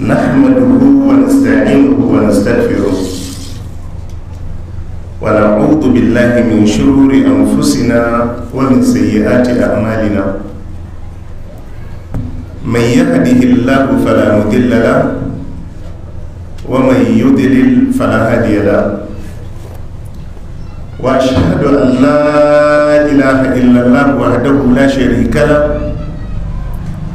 نحمده ونستعينه ونستغفره ونعوذ بالله من شرور أنفسنا ومن سيئات أعمالنا من يهده الله فلا مضل له ومن يضلل فلا هادي له وأشهد أن لا إله إلا الله وحده لا شريك له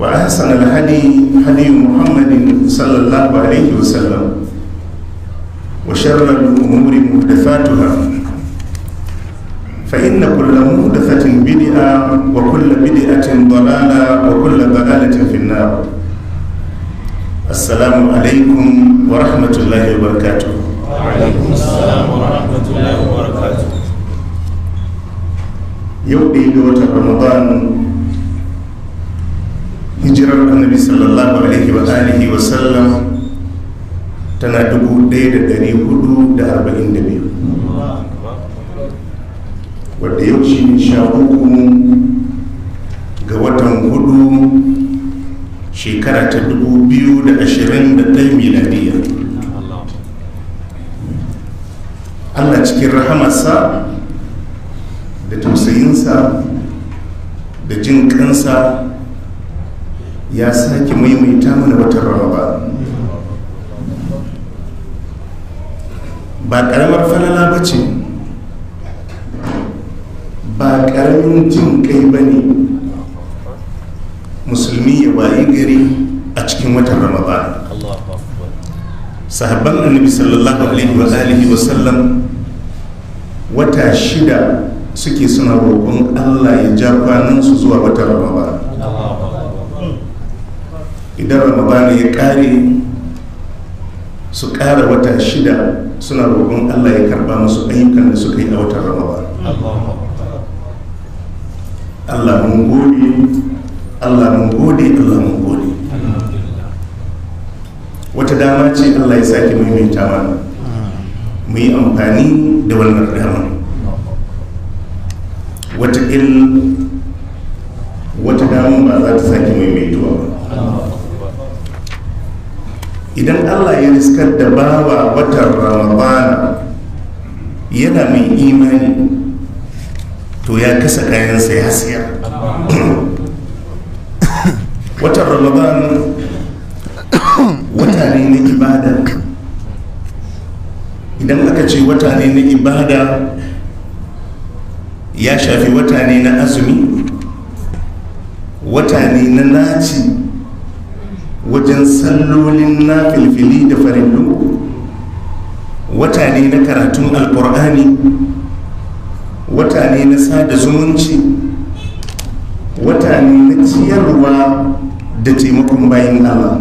وأحسن الهدي هدي محمد صلى الله عليه وسلم وشر الأمور محدثاتها فإن كل محدثة بدعة وكل بدعة ضلالة وكل ضلالة في النار السلام عليكم ورحمة الله وبركاته وعليكم السلام ورحمة الله وبركاته يوم إلى رمضان wa alihi wa sallam tana 1442 wadda yau shi ne sha uku ga watan hudu shekara ta da da ashirin 2021 miladiya allah cikin rahamarsa da tausayinsa da jin kansa ya sake maimaita mana watan rama ba karamar falala ba ce ba karamin jin kai ba ne musulmi ya bayi gari a cikin watan ramadan sahabban annabi sallallahu alaihi wa alihi wa sallam wata shida suke suna roƙon allah ya ja kwanansu zuwa watan ba. idan ramadana ya kare su kara wata shida suna roƙon allah ya karba musu ayyukan da suka yi a watan ramadana allah mun gode allah mun gode allah mun gode wata dama ce allah ya sake maimaita mana mu yi amfani da wannan dama wata il wata dama ba za ta sake maimaituwa ba idan allah ya riskar da bawa watan ramadana yana mai imani to ya kasa kayansa ya siya watan ramadana wata ne na ibada idan aka ce wata ne na ibada ya shafi wata ne na azumi wata ne na naci wajen sallolin na filfili da farillu wata ne na karatun alkur'ani wata ne na sada zumunci wata ne na ciyarwa da taimakon bayan allah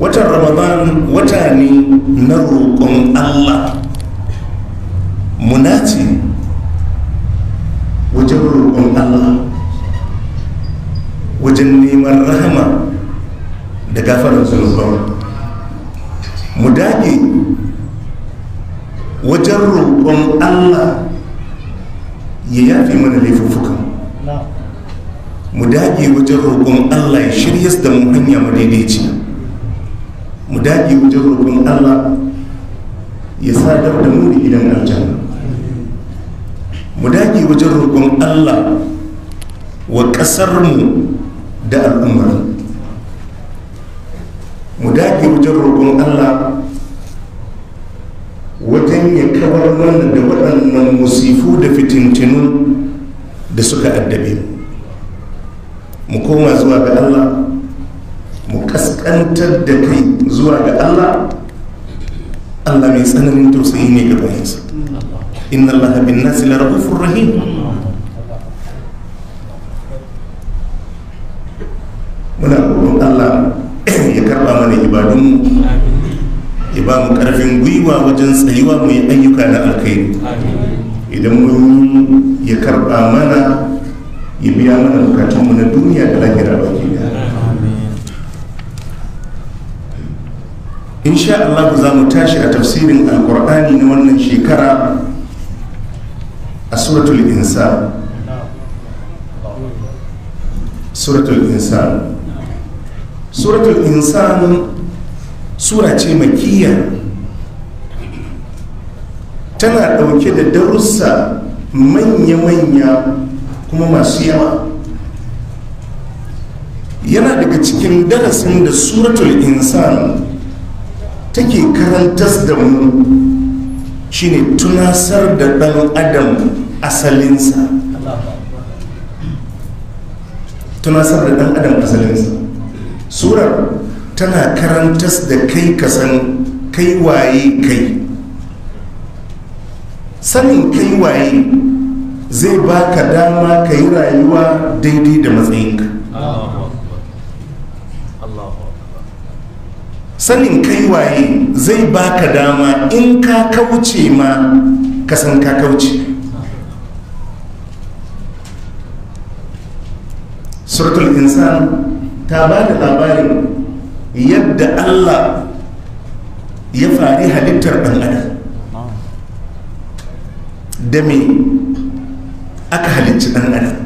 watan ramadan wata ne na roƙon allah ce wajen roƙon allah wajen neman rahama da gafarar zunuban mu dage wajen roƙon allah ya yafi mana laifuffukan mu dage wajen roƙon allah ya shirya su da mu daidai ce. mu dage wajen roƙon allah ya sadar da mu da gidan aljanna mu dage wajen roƙon allah wa ƙasarmu da al'ummar mu dage wajen roƙon allah wajen ya kawar mana da waɗannan musifu da fitintinu da suka addabe mu koma zuwa ga allah mu ƙasƙantar da kai zuwa ga allah allah mai tsananin tausayi ne ga bayansa inna allah bin nasi la rahim muna roƙon Allah ya karɓa mana mu ya ba mu ƙarfin gwiwa wajen tsayuwa mu yi ayyuka na alkhairi idan mun ya karɓa mana ya biya mana bukatunmu na duniya da lahira baki da insha Allah za mu tashi a tafsirin alkur'ani na wannan shekara a suratul insa suratul insa suratul insan sura ce makiyya tana dauke da darussa manya-manya kuma masu yawa yana daga cikin darasin da suratul insan take karantar da mu shine tunasar da dan adam asalinsa tunasar da ɗan adam asalinsa surar tana karantas da kai kasan kai waye kai sanin kai waye zai baka dama ka yi rayuwa daidai da matsayinka sanin kai waye zai baka dama in ka kauce ma kasan ka kauce suratul insan ta ba da labarin yadda allah ya fari halittar ɗan adam da me aka halicci ɗan adam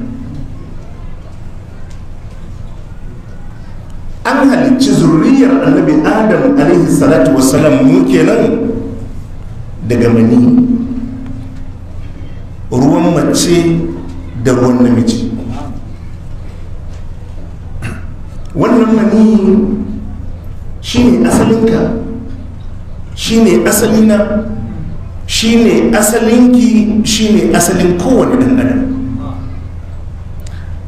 an halicci zurriyar annabi adam alaihi salatu wasalam mu kenan daga mani ruwan mace da ruwan namiji aliyu shi ne asalinka shi ne asalina shi ne asalinki shi ne asalin kowane dangane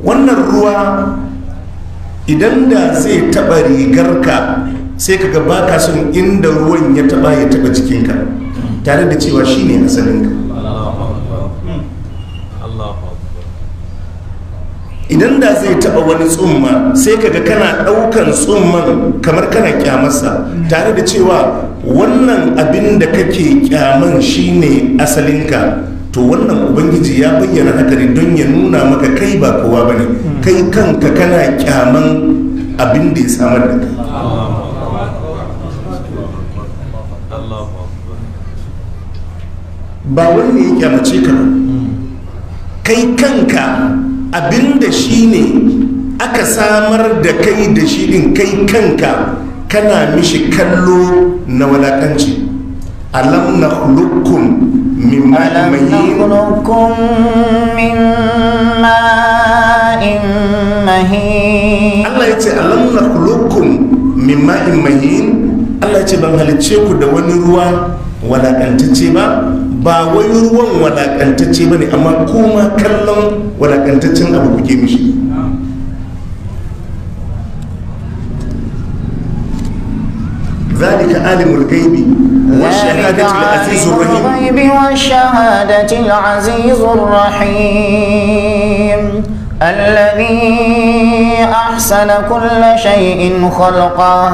wannan ruwa idan da zai taba rigarka sai kaga baka son inda ruwan ya taba ya taba jikinka tare da cewa shi ne asalinka idan da zai taba wani tsumma sai kaga kana daukan tsumman kamar kana kyamarsa tare da cewa wannan abin da kake kyaman shine asalinka to wannan ubangiji ya bayyana haka ne don ya nuna maka kai ba kowa bane kai kanka kana kyaman abin da ya samar da kai ba wani ya kyamace ka kai kanka Abin da shi ne aka samar da kai da shi din kai kanka kana mishi kallo na walakanci alam na hulukun min mahin Allah ya ce alam na hulukun min mahin Allah ya ce ban halicce ku da wani ruwa walakantacce ba ba wai ruwan wadakantacce ba ne amma kuma kallon wadakantaccen abu kuke mishi ذلك عالم الغيب والشهادة العزيز الرحيم والشهادة العزيز الرحيم الذي أحسن كل شيء خلقه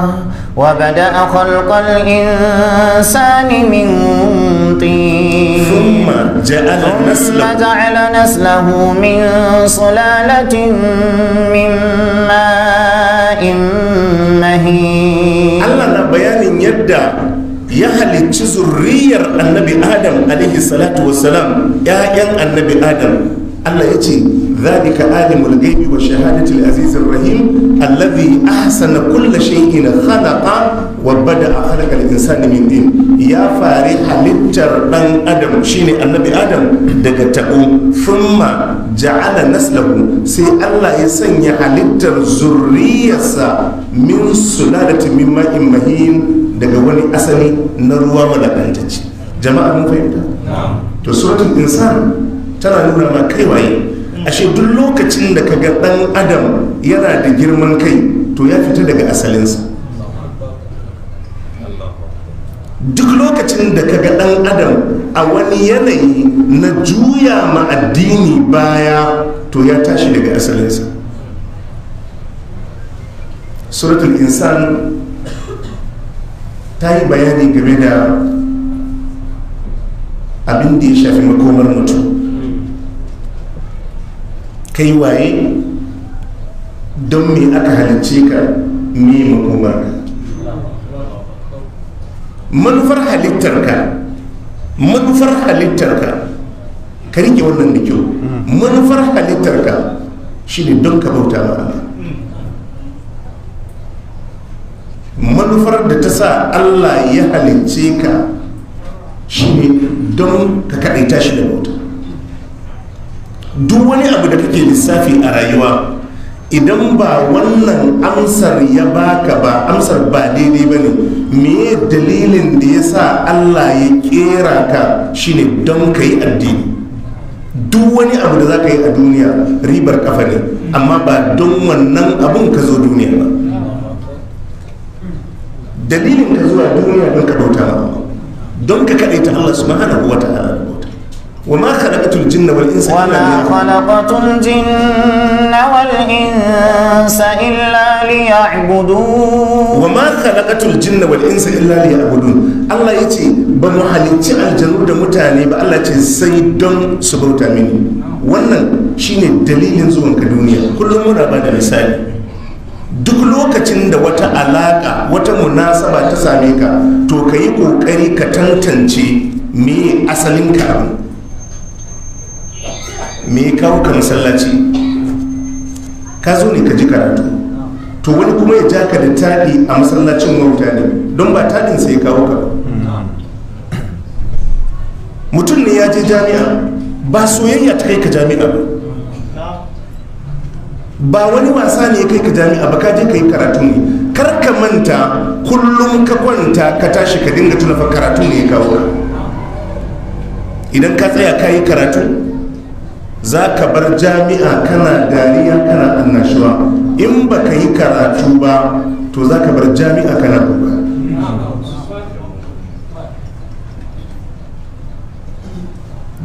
وبدأ خلق الإنسان من طين ثم جعل نسله ثم جعل نسله من صلالة من ماء مهين الله بيان يبدأ ya halicci zurriyar annabi adam alaihi salatu wassalam ya'yan annabi adam allah ya ce zalika alimul ghaibi wa shahadatul azizir rahim alladhi ahsana kulla shay'in khalaqa wa bada'a khalaqa al-insana min din ya fari halittar dan adam shine annabi adam daga tabo thumma ja'ala naslahu sai Allah ya sanya halittar zurriyarsa min sulalati min ma'in mahin daga wani asali na ruwa malakantacce jama'a mun fahimta to suratul insan tana nuna ma kai ashe duk lokacin da kaga dan adam yana da girman kai to ya fita daga asalinsa duk lokacin da kaga dan adam a wani yanayi na juya ma addini baya to ya tashi daga asalinsa suratul insan ta yi bayani game da abin da ya shafi makomar mutum kai waye don me aka halicce ka me makomar ka manufar halittar ka manufar halittar ka rike wannan da kyau hmm. manufar halittar halittarka shine don ka bauta ma Allah manufar da ta sa Allah ya halicce ka shine don ka kaɗaita shi da bauta duk wani abu da kake lissafi a rayuwa idan ba wannan amsar ya baka ba amsar ba daidai ba ne me dalilin da ya sa allah ya kera ka shine don ka yi addini duk wani abu da za ka yi a duniya ribar kafa ne amma ba don wannan abun ka zo duniya ba dalilin ka zuwa duniya don ka bauta don ka kaɗaita allah subhanahu wa ta'ala وما خلقت الجن والإنس وما خلقت الجن والإنس إلا ليعبدون وما خلقت الجن والإنس إلا ليعبدون الله يتي بنو حليتي الجنود متاني با الله يتي سيدون سبوتا مني wannan shine dalilin zuwanka duniya kullum muna ba da misali duk lokacin da wata alaƙa wata munasaba ta same ka to ka yi ƙoƙari ka tantance me asalin ka me ya kawo ka masallaci ka zo ne ka ji karatu to wani kuma ya jaka da taɗi a masallacin wauta ne don ba taɗin sai ya kawo ka mutum ne ya je jami'a ba soyayya ta kai ka jami'a ba ba wani wasa ne ya kai ka jami'a ba ka je ka yi karatu ne kar ka manta kullum ka kwanta ka tashi ka dinga tuna fa karatu ne ya kawo ka idan ka tsaya ka yi karatu za ka bar jami'a kana dariya kana annashuwa in ba ka yi karatu ba to za ka bar jami'a kana kuka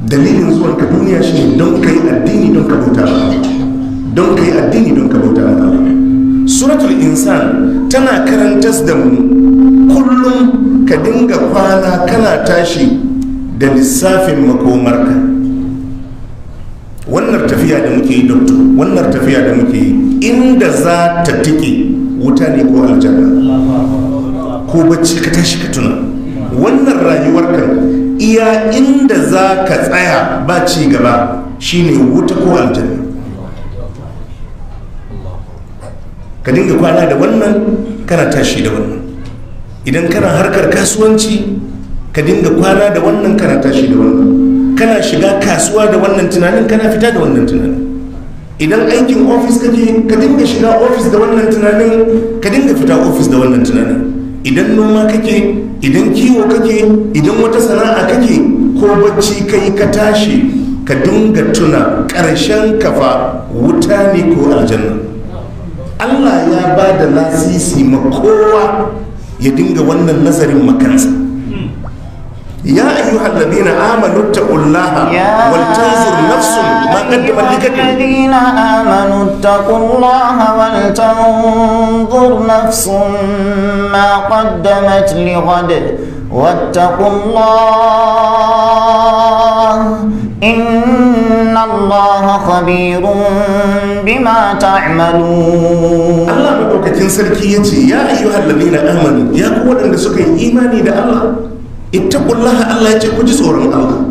dalilin zuwan ka duniya shi don ka yi addini don ka bauta don ka yi addini don ka bauta suratul insan tana karantas da mu kullum ka dinga kwana kana tashi da lissafin makomarka wannan tafiya da muke yi doctor wannan tafiya da muke yi inda za ta tike wuta ne ko aljanna ko bacci ka tashi ka tuna wannan rayuwar ka iya inda za ka tsaya ba ci gaba shine wuta ko aljanna ka dinga kwana da wannan kana tashi da wannan idan kana harkar kasuwanci ka dinga kwana da wannan kana tashi da wannan kana shiga kasuwa da wannan tunanin kana fita da wannan tunanin idan aikin ofis kake ka dinga shiga ofis da wannan tunanin ka dinga fita ofis da wannan tunanin idan noma kake idan kiwo kake idan wata sana'a kake ko bacci kai ka tashi ka dinga tuna karshen kafa wuta ne ko aljanna allah ya ba da lasisi ma kowa ya dinga wannan nazarin makansa يا أيها الذين آمنوا اتقوا الله ولتنظر نفس ما قدمت لكد الذين آمنوا اتقوا الله ولتنظر نفس ما قدمت لغد واتقوا الله إن الله خبير بما تعملون الله مدوكتين سلكيتي يا أيها الذين آمنوا يا قوة أن سكي إيماني ده الله kullaha Allah ya ce ku ji tsoron Allah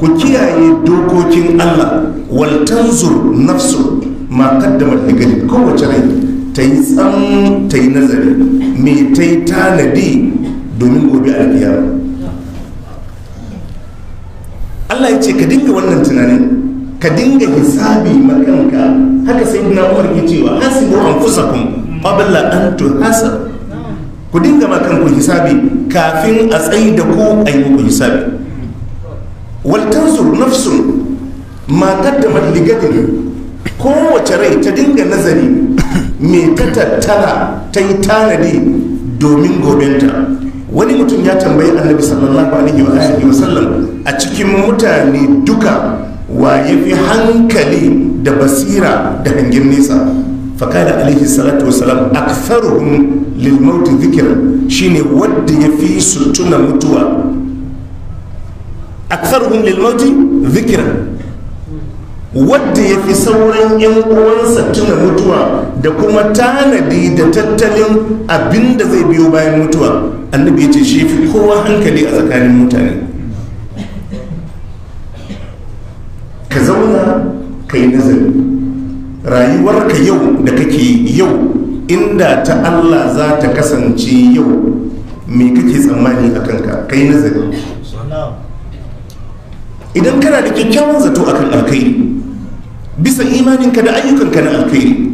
ku kiyaye dokokin Allah wal tanzur nafsu ma qaddamat digali kowace rai ta yi tsam ta yi nazari me ta yi tanadi domin gobe alkiyama Allah ya ce ka dinga wannan tunanin ka dinga hisabi makanka haka sai na Umar ke cewa hasibu anfusakum qabla an tuhasab ku dinga makanku hisabi kafin a tsayi da ku a yi muku hisabi zuru nafsun matar da ligadin kowace rai ta dinga nazari mai ta tattara ta yi tanadi domin gobenta wani mutum ya tambayi annabi sallallahu alaihi wa alihi wa sallam a cikin mutane duka wa ya fi hankali da basira da hangen nesa fakada alaihi salatu wa salam aktharuhum lilmauti zikiran shine wadda ya fi su tuna mutuwa aktharuhum lilmauti zikiran wadda ya fi sauran 'yan uwansa tuna mutuwa da kuma tanadi da tattalin abinda zai biyo bayan mutuwa annabi ya ce shi fi kowa hankali a tsakanin mutane ka zauna ka yi nazari rayuwarka yau da kake yau inda ta Allah za ta kasance yau me kake tsammani a kanka kai nazari idan kana da kyakkyawan zato akan alkhairi bisa imaninka da ayyukanka na alkhairi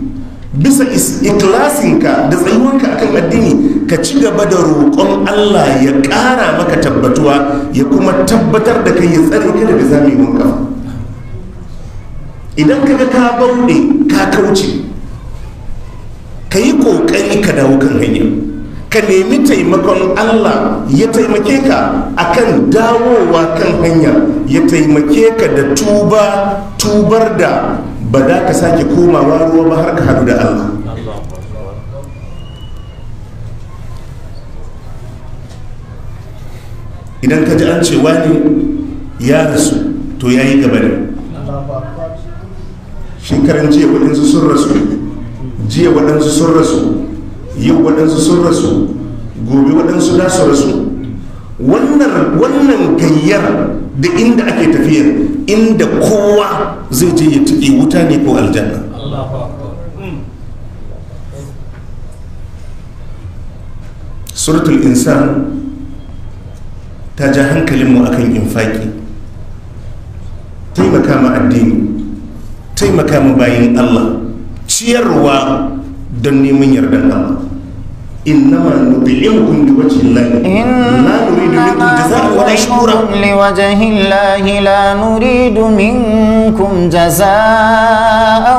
bisa ikilasinka da tsayuwanka akan addini ka ci gaba da roƙon Allah ya ƙara maka tabbatuwa ya kuma tabbatar da kai ya tsare ka daga zamewanka idan kaga ka bauɗe ka kauce ka yi ƙoƙari ka dawo kan hanya ka nemi taimakon allah ya taimake ka akan dawowa kan hanya ya taimake ka da tuba tubar da ba za ka sake komawa ruwa ba har ka hadu da allah idan ka ji an ce wani ya rasu to ya yi gaba ne shekaran jiya waɗansu sun rasu jiya waɗansu sun rasu yau waɗansu sun rasu gobe waɗansu da su rasu wannan gayyar da inda ake tafiyar inda kowa zai je ya tuki wuta ne ko aljanna suratul insan ta ja hankalinmu a akan infaki taimaka ma addini taimaka ma bayin allah ciyarwa don neman yardan Allah innama nubi'ukum li wajhi llahi la nuridu minkum jazaa'a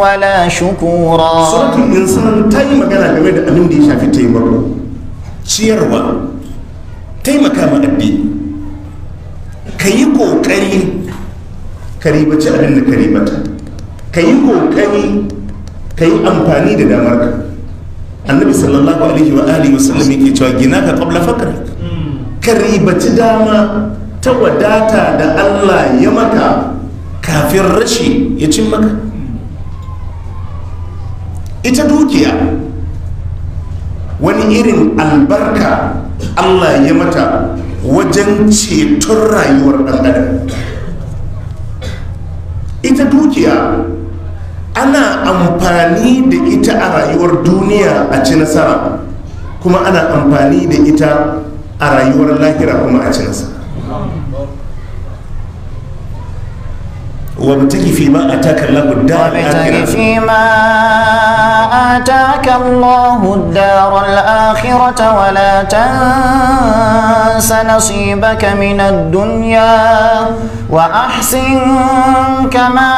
wa la shukura li wajhi llahi la nuridu minkum jazaa'a wa la shukura sai insan tai magana game da abin da ya shafi taimako ciyarwa taimaka ma addi kai kokari kariba ci abin da bata. ka yi kokari ka yi amfani da damar ka annabi sallallahu alaihi wa alihi wa sallam yake cewa gina ka qabla fakar ka ribaci dama ta wadata da Allah ya maka kafin rashi ya cin maka ita dukiya wani irin albarka Allah ya mata wajen ceton rayuwar ɗan adam ita dukiya ana amfani da ita a rayuwar duniya a ci nasara kuma ana amfani da ita a rayuwar lahira kuma a ci nasara وابتغي فيما آتاك الله الدار الآخرة فيما آتاك الله الدار الآخرة ولا تنس نصيبك من الدنيا وأحسن كما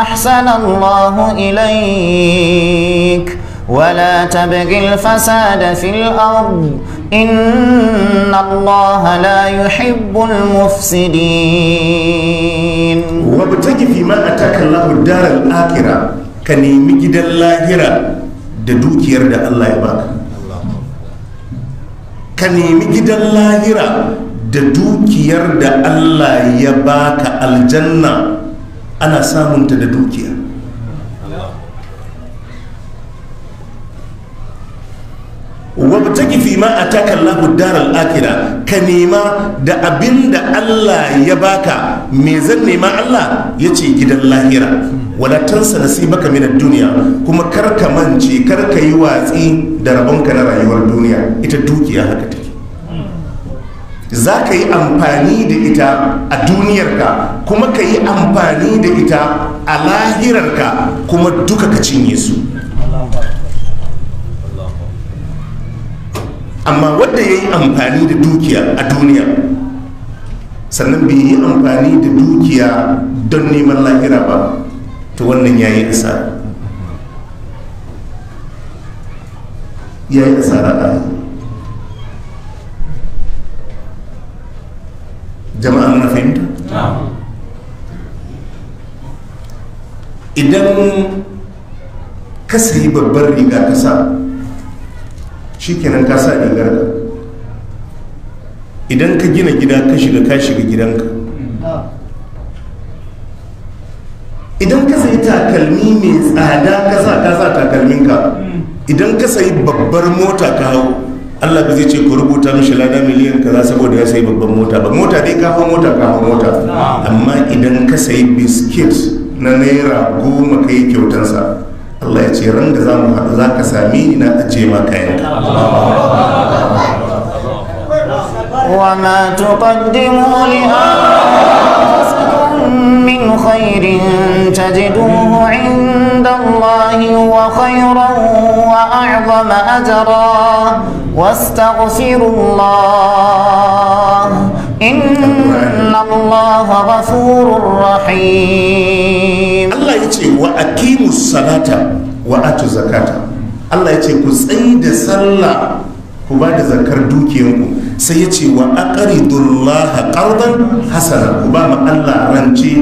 أحسن الله إليك ولا تبغ الفساد في الأرض إن الله لا يحب المفسدين وابتغ فيما أتاك الله الدار الآخرة كنيمي جدا لاهرة دوك يرد الله يبارك ka nemi gidan lahira da dukiyar da allah ya baka aljanna ana samunta da dukiya wabtaki fi ma ataka Allahu daral akhira ka nema da abinda Allah ya baka me zan nema Allah yace gidan lahira wala tansa baka min duniya kuma kar ka mance kar ka yi watsi da rabonka na rayuwar duniya ita dukiya haka take za ka yi amfani da ita a duniyarka kuma ka yi amfani da ita a lahirar ka kuma duka ka cinye su amma wanda ya yi amfani da dukiya a duniya sannan bai yi amfani da dukiya don neman lahira ba ta wannan ya yi asara ya yi asara a jama'a na fahimta idan ka sayi babbar riga kasa shikenan ka sa rigar ka idan ka gina gida ka shiga ka shiga gidanka idan ka sayi takalmi mai tsada ka sa ka sa takalminka idan ka sayi babbar mota ka hau allah ba zai ce ku rubuta mishi lada miliyan kaza saboda ya sayi babban mota ba mota dai ka hau mota ka hau mota amma idan ka sayi biskit na naira goma ka yi kyautansa الله ya ce ran da za mu haɗu sami ni na وما تقدموا لأنفسكم من خير تجدوه عند الله هو خيرا وأعظم أجرا واستغفروا الله إن الله غفور رحيم الله يجي وأقيم الصلاة وأتو الزكاة الله يجي كسيد صلى ku ba da zakar dukiyarku. sai ya ce wa aqridullaha qardan hasana ku ba ma Allah rance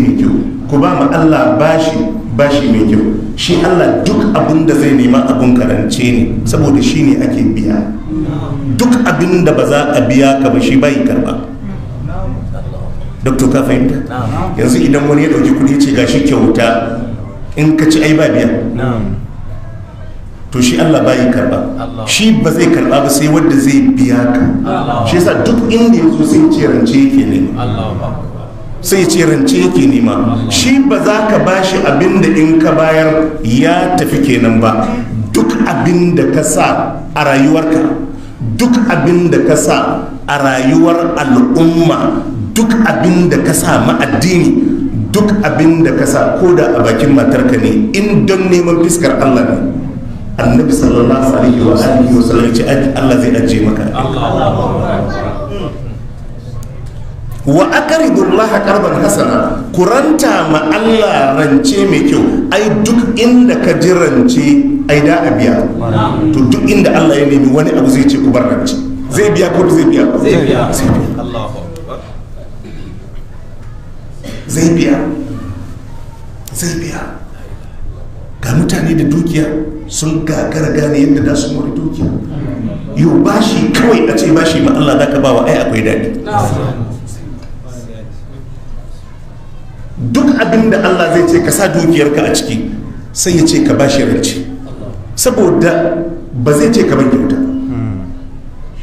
mai kyau ku ba Allah bashi bashi mai kyau shi Allah duk abin da zai nema abun karance ne saboda shi ne ake biya duk abin da ba za a biya ka ba shi bai karba doktor ka fahimta yanzu idan wani ya dauki kudi ce gashi kyauta in ka ci ai ba biya to shi Allah bai karba shi ba zai karba ba sai wanda zai biya ka shi yasa duk inda yazo sai ce rance yake ne sai ce rance yake nema shi ba za ka bashi abin da in ka bayar ya tafi kenan ba duk abin da ka sa a rayuwarka duk abin da ka sa a rayuwar al'umma duk abin da ka sa ma'addini duk abin da ka sa ko da a bakin matarka ne in don neman fiskar Allah ne annabi sallallahu alaihi wa alihi wa sallam ya ce Allah zai ajiye maka wa aqridu Allah qardan hasana kuranta ma Allah rance mai kyau ai duk inda ka ji rance ai da a biya to duk inda Allah ya nemi wani abu zai ce ku bar rance zai biya ko zai biya zai biya zai biya zai biya ga mutane da dukiya sun gagara gane yadda da su mori dukiya yau bashi kawai a ce bashi ma Allah zaka bawa ai akwai daɗi duk abin da Allah zai ce ka sa dukiyarka a ciki sai ya ce ka ba shi rance saboda ba zai ce ka ban kyauta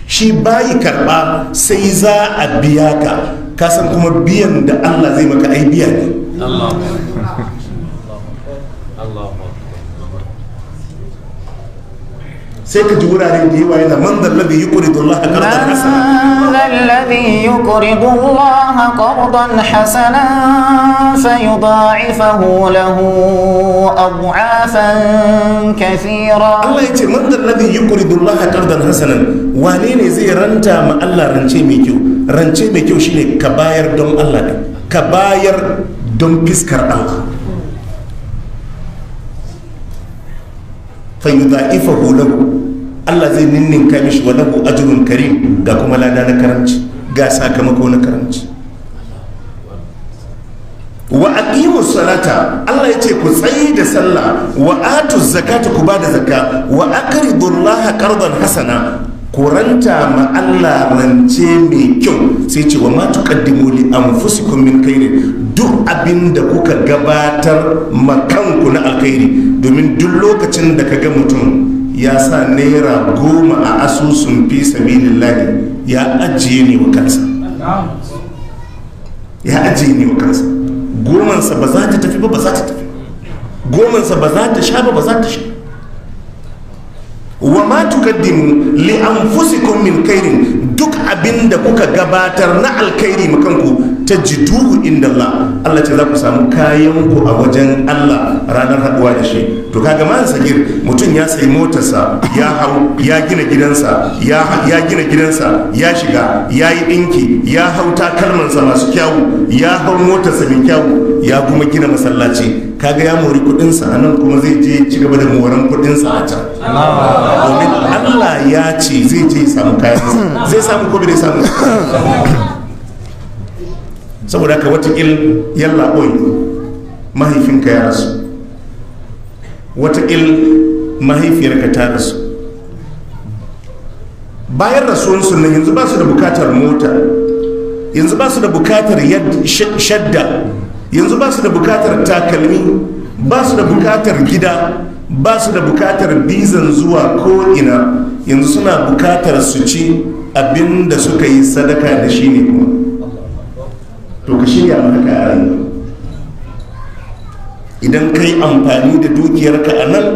shi bayi karba sai za a biya ka kasan kuma biyan da Allah zai maka ai biya ne sai ka ji wurare da yawa yana man dallabi yi kuri don laha karɗar hasana dallabi yi kuri don laha karɗar hasana sai kafira Allah ce man dallabi yi kuri don laha karɗar hasanan wane ne zai ranta ma Allah rance mai kyau rance mai kyau shine ka bayar don Allah ka bayar don fiskar Allah fa yudha'ifahu lahu Allah zai ninninka mishi wa lahu ajrun karim ga kuma lada na karanci, ga sakamako na karanci wa aqimu salata Allah yace ku tsayi da sallah wa atu zakata ku bada zakka wa aqridu Allah qardan hasana ku ranta ma Allah rance mai kyau sai ce wa ma tuqaddimu li anfusikum min khairin duk abin da kuka gabatar makanku na alkhairi domin duk lokacin da ka ga mutum ya sa naira goma a asusun fi sabilillahi ya ajiye ne wa kansa ya ajiye ne wa kansa gomansa ba za ta tafi ba ba za ta tafi gomansa ba za ta sha ba ba za ta sha wa ma tukaddimu li anfusikum min khairin duk abin da kuka gabatar na alkhairi makanku tajiduhu inda Allah Allah ce za ku samu kayan ku a wajen Allah ranar haduwa da shi to kaga man sagir mutum ya sayi motarsa ya hau ya gina gidansa ya gina gidansa ya shiga ya yi dinki ya hau takalmansa masu kyawu ya hau motarsa mai kyawu ya kuma gina masallaci kaga ya mori kudin a nan kuma zai je ci gaba da moran sa a can domin Allah ya ce zai je samu kayan zai samu ko bai samu saboda ka watakil yalla boy mahaifinka ya rasu watakil mahaifiyarka ta rasu bayan rasuwansu ne yanzu ba su da bukatar mota yanzu ba su da bukatar shadda yanzu ba su da bukatar takalmi ba su da bukatar gida ba su da bukatar bizan zuwa ko'ina yanzu suna bukatar su ci abin da suka yi sadaka da shi ne kuma to ka shirya maka kayan idan ka amfani da dukiyarka a nan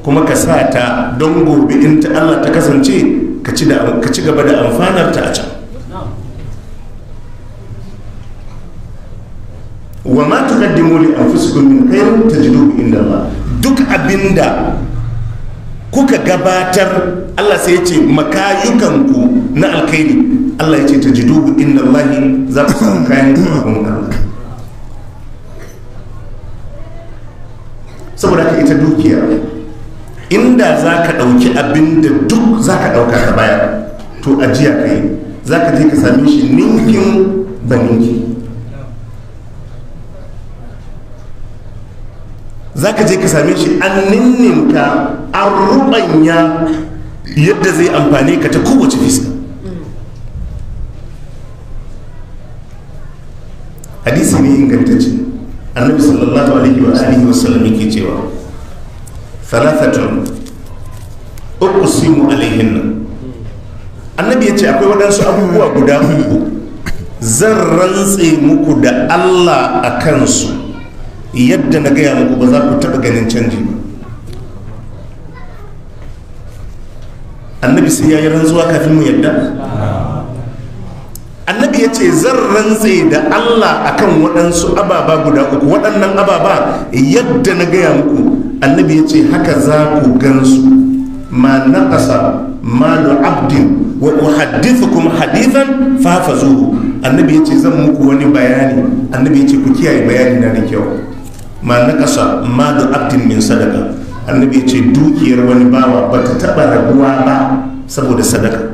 kuma ka sa ta don gobe in ta allah ta kasance ka ci gaba da amfanar ta a can wa ma taqaddimu li anfusikum min khairin tajiduhu inda Allah duk abinda kuka gabatar Allah sai ya ce makayukanku na alkhairi Allah ya ce ta jidu inna Allahi za ta samu kayan kuma Allah saboda ka ita dukiya inda za ka ɗauki abinda duk za ka ɗauka ta baya to ajiya ka yi za ka je ka sami shi ninkin ba ninki za ka je ka same shi an ninninka an ruɓanya yadda zai amfani ka ta kowace fiska hadisi ne ingantacce annabi sallallahu alaihi wa alihi wa sallam yake cewa thalathatun uqsimu alaihin annabi ya ce akwai waɗansu abubuwa guda uku zan rantse muku da Allah a kansu yadda na gaya muku ba za ku taɓa ganin canji ba annabi sai ya yi rantsuwa kafin mu yadda ya ce zan rantse da allah akan waɗansu ababa guda uku waɗannan ababa yadda na gaya muku annabi ya ce haka za ku gansu ma naƙasa malu abdin wa uhaddithukum hadithan fafazuhu annabi ya ce zan muku wani bayani annabi ya ce ku kiyaye bayani na da kyau ma naƙasa malu abdin min sadaka annabi ya ce dukiyar wani bawa ba ta taɓa raguwa ba saboda sadaka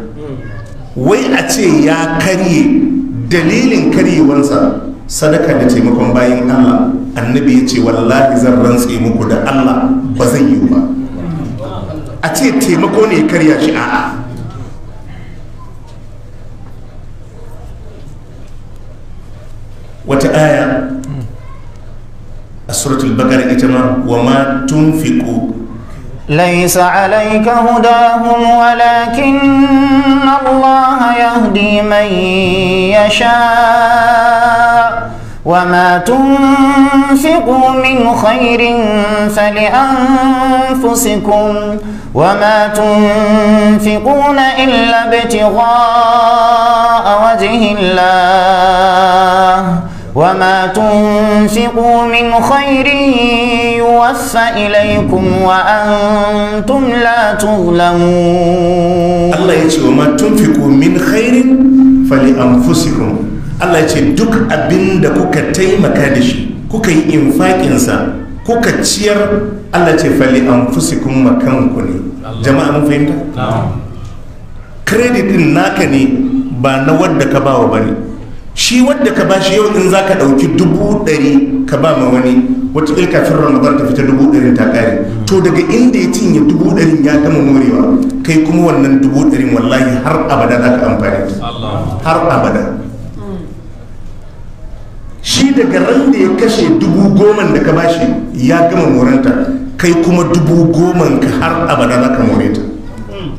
wai a ce ya karye dalilin karyewansa sadaka da taimakon bayan allah annabi ya ce wallahi zan rantse muku da allah ba zan yi ba a ce taimako ne karya shi a'a wata aya a suratul bakar ita ma wa ma tunfiqu ليس عليك هداهم ولكن الله يهدي من يشاء وما تنفقوا من خير فلأنفسكم وما تنفقون إلا ابتغاء وجه الله وما تنفقوا من خير يوفى إليكم وأنتم لا تظلمون الله يجي وما تنفقوا من خير فلأنفسكم Allah ya duk abinda kuka taimaka da shi kuka yi infakinsa kuka ciyar Allah ce fali an fusikun makanku ne jama'a mun fahimta? No. credit naka ne ba na wadda ka bawa ba ne shi wanda ka ba shi yau in za ka ɗauki dubu ɗari ka ba ma wani ilka kafin ramadan ta fita dubu ɗari ta ƙare to daga inda ya cinye dubu ɗarin ya gama morewa kai kuma wannan dubu ɗarin wallahi har abada za ka amfani har abada shi daga ran da ya kashe dubu goman da ka ba shi ya gama moranta kai kuma dubu goman ka har abada za ka more ta hmm.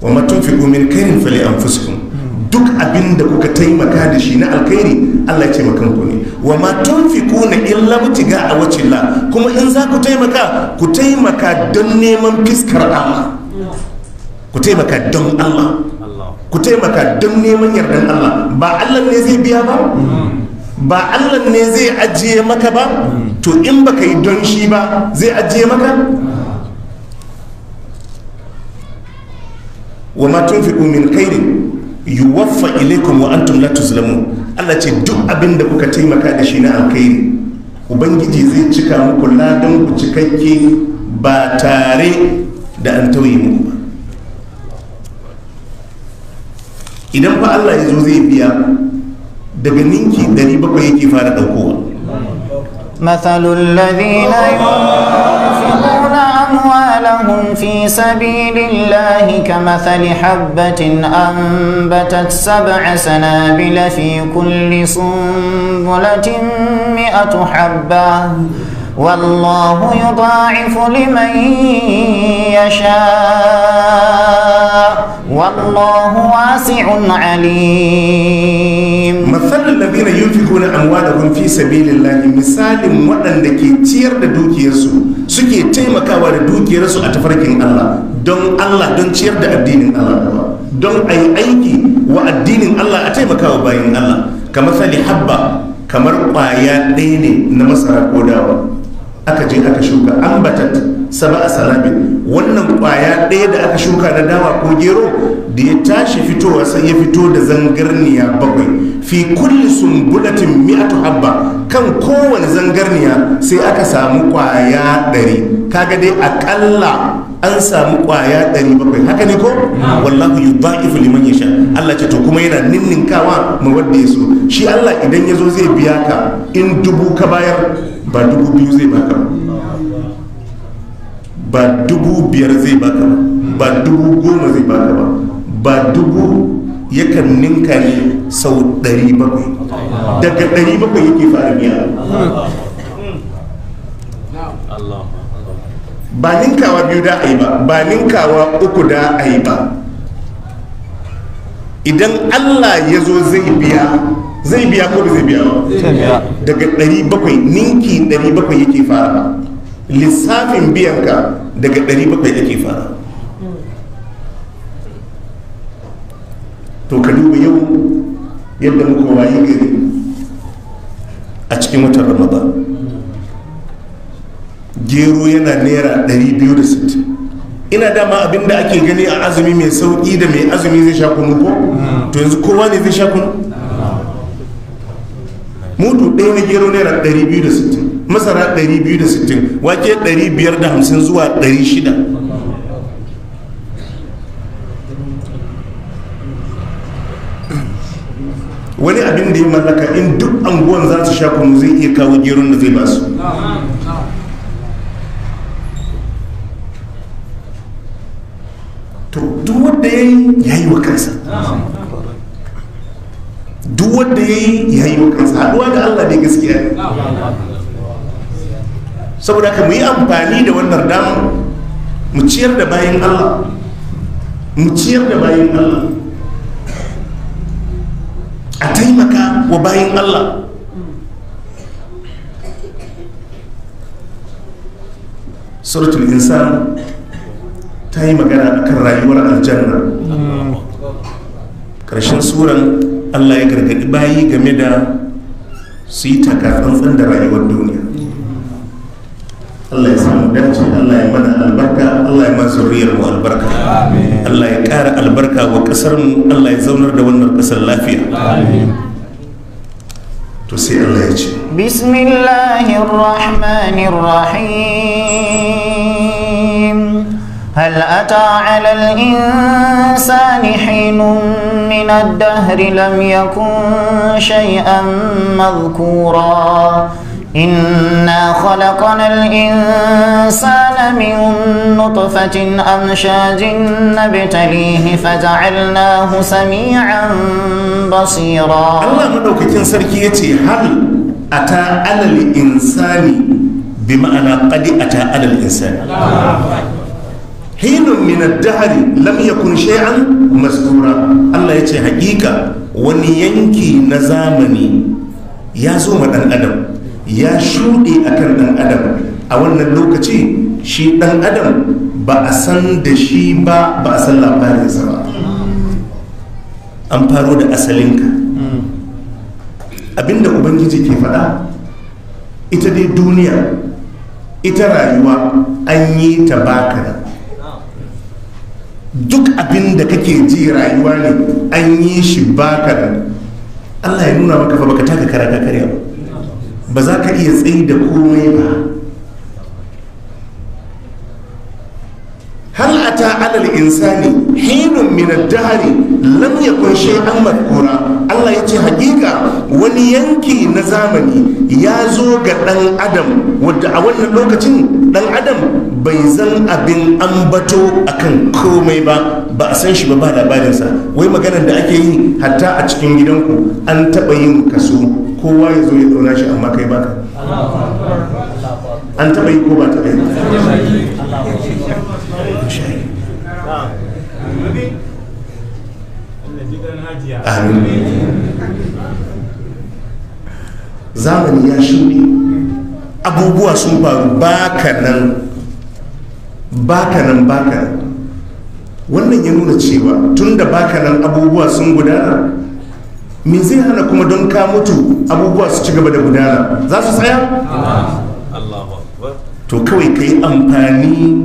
wa matun fi umin karin fali an fuskun duk abin da kuka taimaka da shi na alkhairi Allah ya taimaka muku ne wa ma tunfiquna illa mutiga a wacin la kuma in za ku taimaka ku taimaka don neman fiskar Allah ku taimaka don Allah ku taimaka don neman yardan Allah ba Allah ne zai biya ba ba Allah ne zai ajiye maka ba to in baka yi don shi ba zai ajiye maka wa ma tunfiqu min khairin yuwaffa ilaikum wa antum la tuzlamun Allah ce duk abin da kuka taimaka da shi na alkhairi ubangiji zai cika muku ladan ku cikakke ba tare da an tauye muku ba idan fa Allah ya zo zai biya daga ninki 700 yake fara daukowa masalul ladina ينفقون أموالهم في سبيل الله كمثل حبة أنبتت سبع سنابل في كل سنبلة مئة حبة والله يضاعف لمن يشاء والله واسع عليم مثل الذين ينفقون da في سبيل الله مثال waɗanda ke ciyar da dukiyarsu suke taimakawa da dukiyarsu a tafarkin Allah don Allah don ciyar da addinin Allah don aiki wa addinin Allah a taimakawa bayan Allah kamar sali habba kamar ƙwaya ɗaya ne na masara ko dawa aka je aka shuka ambatat saba a wannan kwaya ɗaya da aka shuka na dawa ko gero da ya tashi fitowa sai ya fito da zangarniya bakwai fi kulli sumbulatin mi'atu habba kan kowane zangarniya sai aka samu kwaya ɗari kaga dai akalla an samu kwaya bakwai haka ne ko wallahu yudha'ifu liman yasha Allah ce to kuma yana ninninkawa ma wanda ya so shi Allah idan ya zo zai biya ka in dubu ka bayar ba dubu biyu zai baka ba dubu biyar zai baka ba ba dubu goma zai baka ba ba dubu yakan ninka ne sau ɗari bakwai daga ɗari bakwai yake fara biya ba ninkawa biyu da a yi ba ba ninkawa uku da a yi ba idan allah ya zo zai biya zai biya ko zai biya daga bakwai ninki bakwai yake fara lissafin biyanka daga 700 ake fara to ka duba yau yadda muka wayi gari a cikin watan ramadan gero yana naira 260 ina dama abinda ake gani a azumi mai sauki da mai azumi zai sha kunu ko to yanzu kowa ne zai sha kunu mutu ɗaya na gero naira 260 masara 260 wake 550 zuwa 600 wani abin da yi mallaka in duk anguwan za su sha kunu zai iya kawo gerun da zai basu to duk wanda ya yi ya yi wa kansa duk wanda ya yi ya yi wa kansa haɗuwa da allah ne gaskiya ne saboda haka mu yi amfani da wannan damar, mu ciyar da bayan allah mu ciyar da bayan allah a taimaka wa bayan allah suratul insan ta yi magana akan rayuwar aljanna ƙarshen suran allah ya gargaɗi bayi game da su yi takatsantsan da rayuwar duniya Allah ya samu dace Allah ya mana albarka Allah ya ma zuriyar mu albarka Allah ya ƙara albarka wa ƙasar mu Allah ya zaunar da wannan ƙasar lafiya to sai Allah ya ce bismillahir rahmanir rahim هل أتى على الإنسان حين من الدهر لم يكن شيئا مذكورا إنا خلقنا الإنسان من نطفة أمشاج نبتليه فجعلناه سميعا بصيرا الله كتن سركيتي هل أتى على الإنسان بمعنى قد أتى على الإنسان حين من الدهر لم يكن شيئا مذكورا الله يتي حقيقة وني نزامني يا زوم الأدب ya shuɗe kan ɗan adam a wannan lokaci shi ɗan adam ba a san da shi ba ba a san labarinsa ba an faro da asalinka abinda ubangiji ke faɗa ita dai duniya ita rayuwa an yi ta baka da. duk abin da kake ji rayuwa ne an yi shi baka da. Allah ya nuna maka fa baka taka karaka kare ba ba za ka iya tsaye da komai ba har a ta alal insani hinun minar dahari lam ya kunshe an matkura allah ya ce hakika wani yanki na zamani ya zo ga dan adam wadda a wannan lokacin dan adam bai zan abin bato a kan komai ba ba a san shi ba ba labarinsa wai maganar da ake yi hatta a cikin gidanku an taɓa yin kaso kowa ya zo ya ɗauna shi amma kai baka an taɓa yi ko ba taɓa yi amin zamani ya shuɗe abubuwa sun faru baka nan baka nan baka nan wannan ya nuna cewa tun da baka nan abubuwa sun gudana me zai hana kuma don ka mutu abubuwa su ci gaba da gudana za su tsaya to kawai ka yi amfani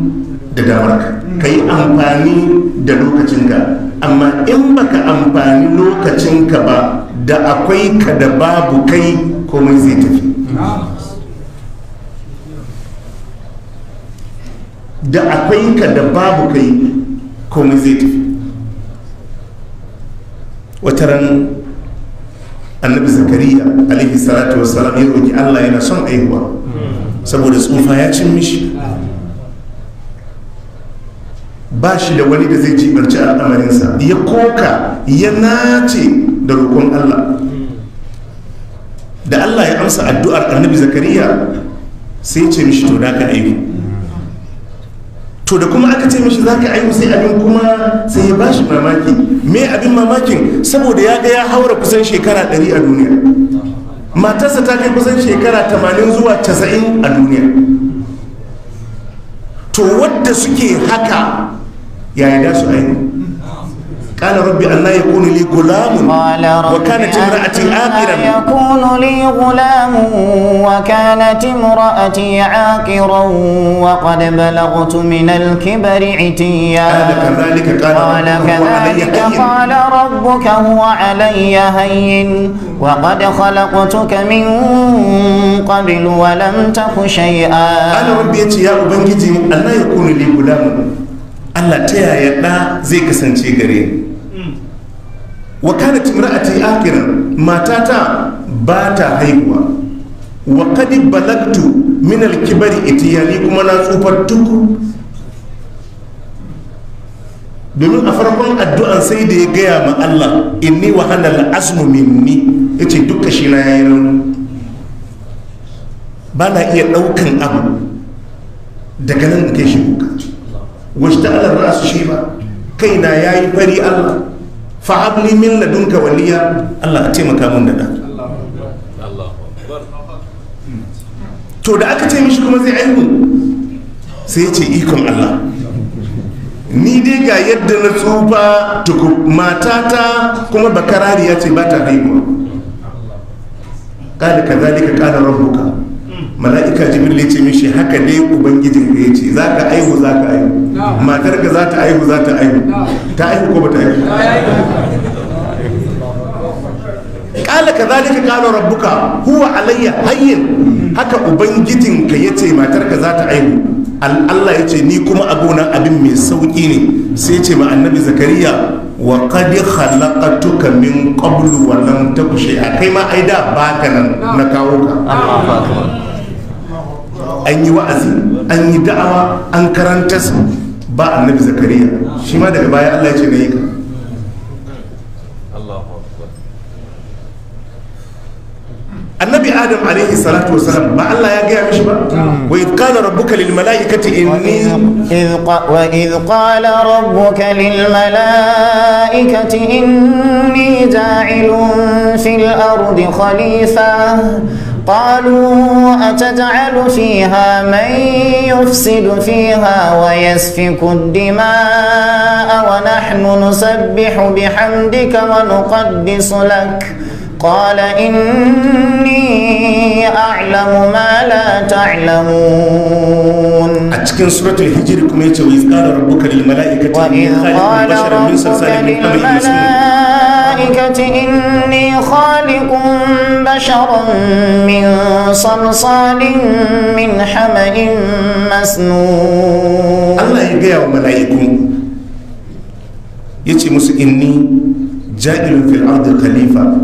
da damar ka yi amfani da lokacinka amma in baka amfani lokacinka ba da akwai ka da babu kai komai zai tafi da akwai ka da babu kai komai zai tafi wataran annabi zakariya alaihi salatu wassalam ya roki allah yana son aihuwa saboda tsufa ya cin mishi ba shi da wani da zai jibarci al'amarinsa ya koka ya nace da roƙon allah da allah ya amsa addu'ar annabi zakariya sai ce mishi to da ka aihu to da kuma aka ce mishi za ka aihu sai abin kuma sai ya bashi mamaki me abin mamakin saboda ya ga ya haura kusan shekara 100 a duniya matarsa ta kai kusan shekara 80 zuwa 90 a duniya to wadda suke haka yaya da su aihu قال ربي أن يكون لي غلام وكانت امرأتي عاقرا يكون لي غلام وكانت امرأتي عاقرا وقد بلغت من الكبر عتيا قال كذلك قال, قال كذلك قال ربك هو علي هين وقد خلقتك من قبل ولم تك شيئا قال ربي يا أبنجي أن يكون لي غلام Allah ta yaya ɗa zai kasance gare ni wa kana timra'ati akira matata ba ta haihuwa wa kadi balagtu min alkibari itiyali kuma na tsufar tuku domin a farkon addu'an sai da ya gaya ma Allah inni wa hana azmu minni yace duka shi na yayi rauni ba na iya ɗaukan abu daga nan da kai shi kuka wasta ala ra'su shi ba kaina yayi fari Allah fa'abli min ladunka waliya Allah a taimaka mun da da to da aka ce mishi kuma zai aihu sai ce ikon Allah ni dai ga yadda na tsufa tuku matata kuma bakarari ya ce ba ta haihuwa kada ka zalika kada rabbuka mala'ika jibril ya ce mishi haka dai ubangijin ka ya ce za ka aihu za ka aihu matar ka za ta aihu za ta aihu ta aihu ko ba ta aihu kala ka zalika kala rabbuka huwa alayya hayyin haka ubangijin ka ya ce matar ka za ta aihu Allah ya ce ni kuma abona abin mai sauki ne sai ce ma annabi zakariya wa qad khalaqatuka min qablu wa lam takushi akai ma aida baka nan na kawo ka an yi wa'azi an yi da'awa an karanta ba annabi zakariya shi ma daga baya Allah ya ce na yi ka annabi adam alaihi salatu wasalam ba Allah ya gaya mishi ba wa idh qala rabbuka lil malaikati inni wa idh qala rabbuka lil malaikati inni ja'ilun fil ardi khalifa قالوا أتجعل فيها من يفسد فيها ويسفك الدماء ونحن نسبح بحمدك ونقدس لك قال إني أعلم ما لا تعلمون أتكن سورة الهجر كميت وإذ قال ربك للملائكة وإذ قال ربك للملائكة الملائكة إني خالق بشرا من صلصال من حمأ مسنون الله يبيع ملائكم يتي موسى إني جائل في الأرض خليفة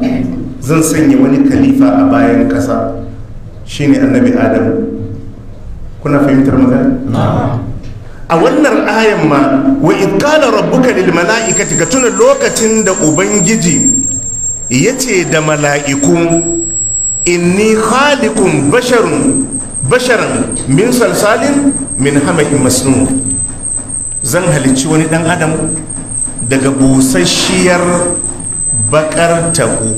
زن sanya وني خليفة a bayan شيني النبي آدم كنا في fahimtar نعم a wannan ayan ma wa idkala rabbuka lil mala'ikati ka tuna lokacin da ubangiji yace da mala'iku inni khaliqun basharun basharan min salsalin min hamain masnun zan halicci wani dan adam daga busasshiyar bakar taku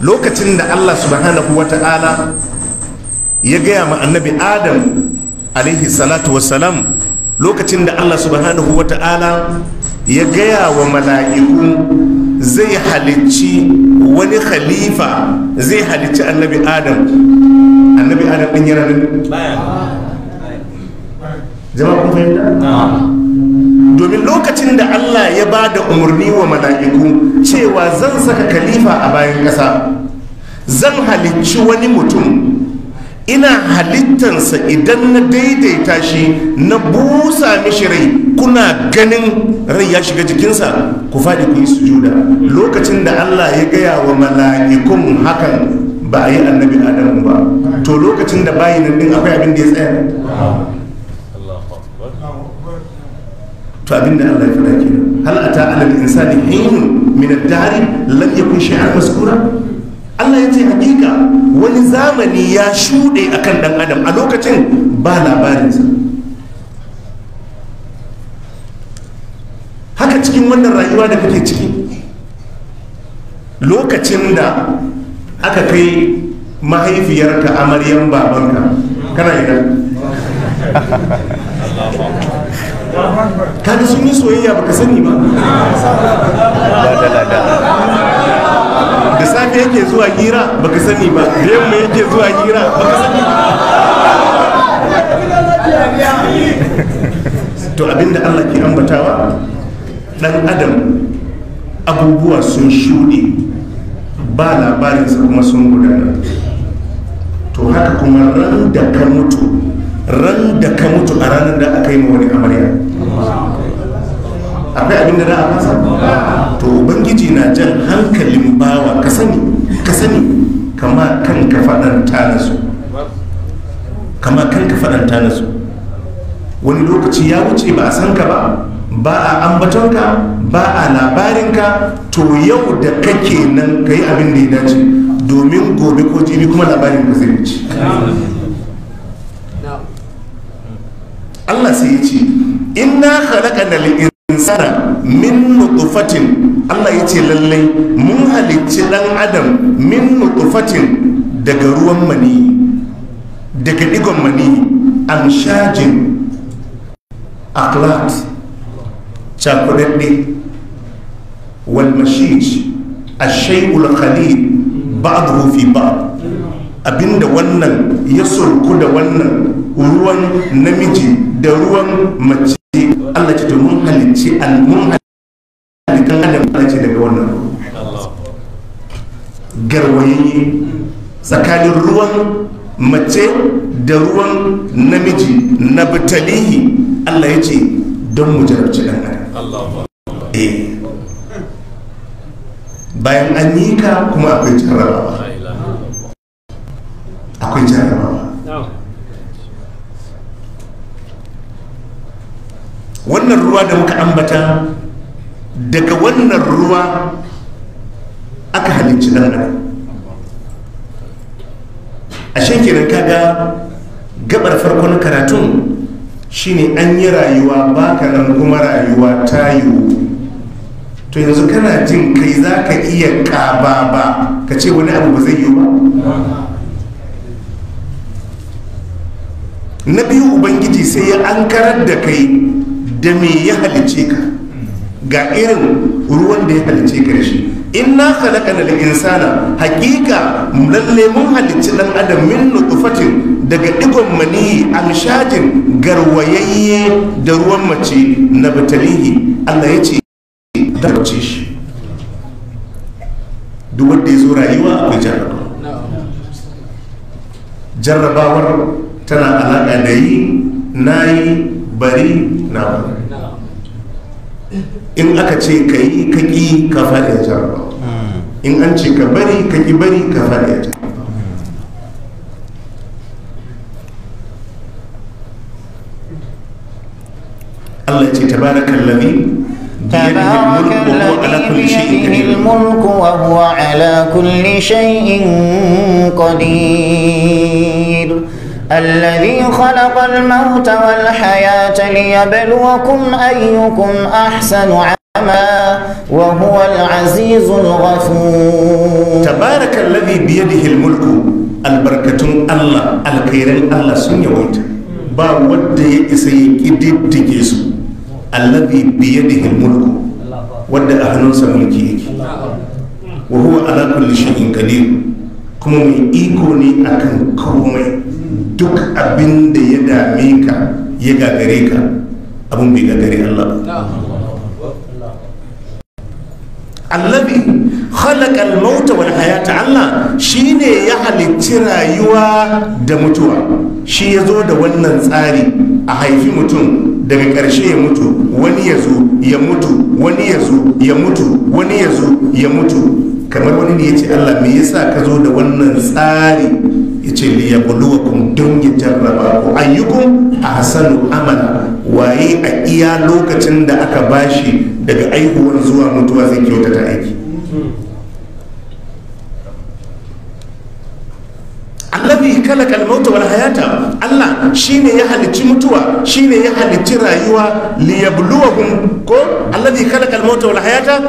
lokacin da Allah subhanahu wata'ala ya gaya ma annabi adam alaihi salatu salam lokacin da allah subhanahu wa ta'ala ya gaya wa mala'iku zai halicci wani khalifa zai halicci annabi adam annabi adam ɗin yana nan jama'a kun fahimta? domin lokacin da Allah ya ba da umarni wa mala'iku cewa zan saka khalifa a bayan ƙasa zan halicci wani mutum ina halittansa idan na daidaita shi na busa mishi rai kuna ganin rai ya shiga jikinsa ku faɗi ku yi sujuda lokacin da allah ya gaya wa mala'ikun hakan ba a yi annabi adam ba to lokacin da bayi nan din akwai abin da ya tsaya to abin da allah ya faɗa kenan hal ata alal insani hin min ad-dahr lam yakun shay'an maskura Allah ya ce hakika wani zamani ya shuɗe a kan ɗan adam a lokacin ba labarinsa haka cikin wannan rayuwa da kake ciki lokacin da aka kai mahaifiyarka amaryan babanka kana yi ina kada sun yi soyayya baka sani ba da safe yake zuwa gira baka sani ba da yamma yake zuwa gira baka sani ba to abinda Allah ke ambatawa dan adam abubuwa sun shuɗe ba labarinsa kuma sun gudana to haka kuma ran da ka mutu ran da ka mutu a ranar da aka yi wani amarya akwai abin da ra'a masa to ubangiji na jan hankalin bawa ka sani ka kama kan ka faɗanta na su kama kan ka na su wani lokaci ya wuce ba a san ka ba ba a ambatonka ba a labarinka to yau da kake nan ka yi abin da ya dace domin gobe ko jibi kuma labarin ka zai wuce Allah sai ya ce inna khalaqa lil sara min nutfatin Allah ya ce lallai mun halicci dan adam min nutfatin daga ruwan mani daga digon mani amshajin aklat cakudadde wal mashij ashayul khalid ba'dahu fi ba'd abinda wannan ya surku da wannan ruwan namiji da ruwan mace Allah ce domin halicci mun halittan adam Allah ce daga wannan garwayi tsakanin ruwan mace da ruwan namiji na batalihi Allah ya ce don mu jarabci ɗan adam eh. bayan an yi ka kuma akwai jarrabawa akwai jarrabawa wannan ruwa da muka ambata daga wannan ruwa aka halinci dan nan a kenan kaga gabar farkon karatun shine an yi rayuwa baka nan kuma rayuwa ta yiwu to yanzu kana jin kai za ka iya kaba ba ka ce wani abu ba zai yiwu ba na biyu ubangiji sai ya an karar da kai da me ya halice ka ga irin ruwan da ya halice ka da shi inna khalaqana lil insana haqiqa lalle mun halicci dan adam min nutfatin daga digon mani amshajin garwayayye da ruwan mace na batalihi Allah yace da shi duk wanda yazo rayuwa akwai jarraba jarrabawar tana alaka da yi nayi bari na in aka ce ka yi ka ƙi ka faɗi in an ce ka bari ka ƙi bari ka faɗi jarabawa الله تبارك الذي تبارك الذي بيده الملك وهو على كل شيء قدير الذي خلق الموت والحياة ليبلوكم أيكم أحسن عما وهو العزيز الغفور تبارك الذي بيده الملك البركة الله الخير الله سنة وانت با ودي إسي إدد تجيسو الذي بيده الملك ودي أهنون سملكي وهو على كل شيء قدير kuma mai iko ne akan duk abin da ya dame ka ya gagare ka abin bai gagare Allah allabi khalaqal mauta wal hayata Allah shine ya halicci rayuwa da mutuwa shi ya zo da wannan tsari a haifi mutum daga ƙarshe ya mutu wani ya zo ya mutu wani ya zo ya mutu wani ya zo ya mutu kamar wani ne ya ce Allah me yasa ka zo da wannan tsari yace li kun don ya jarraba ku ayyukum ahsanu amala waye a iya lokacin da aka bashi daga aihuwar zuwa mutuwa zai kyautata aiki allazi khalaqa al hayata Allah shine ya halicci mutuwa shine ya halicci rayuwa liyabluwakum ko allazi khalaqa al-maut wal hayata